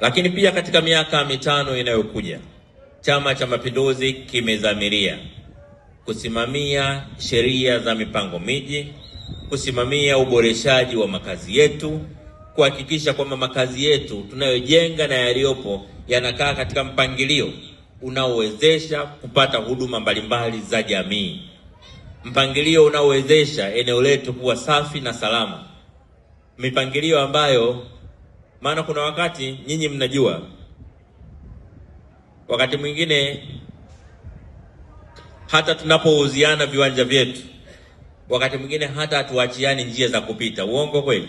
Lakini pia katika miaka mitano inayokuja, Chama cha Mapinduzi kimezamiria kusimamia sheria za mipango miji, kusimamia uboreshaji wa makazi yetu, kuhakikisha kwamba makazi yetu tunayojenga na yaliyopo yanakaa katika mpangilio unaowezesha kupata huduma mbalimbali za jamii, mpangilio unaowezesha eneo letu kuwa safi na salama, mipangilio ambayo maana kuna wakati nyinyi mnajua, wakati mwingine hata tunapouziana viwanja vyetu, wakati mwingine hata hatuachiani njia za kupita. Uongo kweli?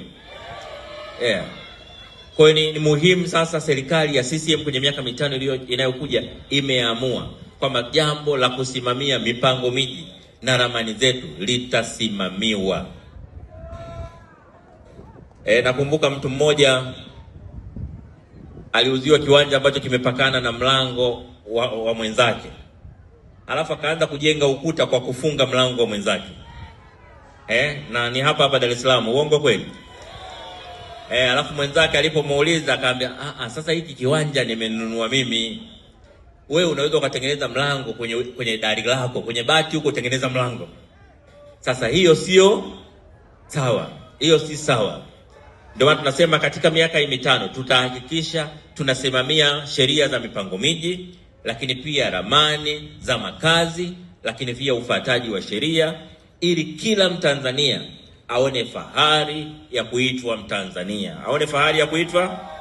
Yeah. Kwa hiyo ni, ni muhimu sasa serikali ya CCM kwenye miaka mitano inayokuja imeamua kwamba jambo la kusimamia mipango miji na ramani zetu litasimamiwa. E, nakumbuka mtu mmoja aliuziwa kiwanja ambacho kimepakana na mlango wa, wa mwenzake, alafu akaanza kujenga ukuta kwa kufunga mlango wa mwenzake eh, na ni hapa hapa Dar es Salaam. Uongo kweli? Eh, alafu mwenzake alipomuuliza akaambia, ah, ah, sasa hiki kiwanja nimenunua mimi. we unaweza ukatengeneza mlango kwenye kwenye dari lako kwenye bati huko, utengeneza mlango. Sasa hiyo sio sawa, hiyo si sawa. Ndio maana tunasema katika miaka hii mitano tutahakikisha tunasimamia sheria za mipango miji, lakini pia ramani za makazi, lakini pia ufuataji wa sheria, ili kila Mtanzania aone fahari ya kuitwa Mtanzania, aone fahari ya kuitwa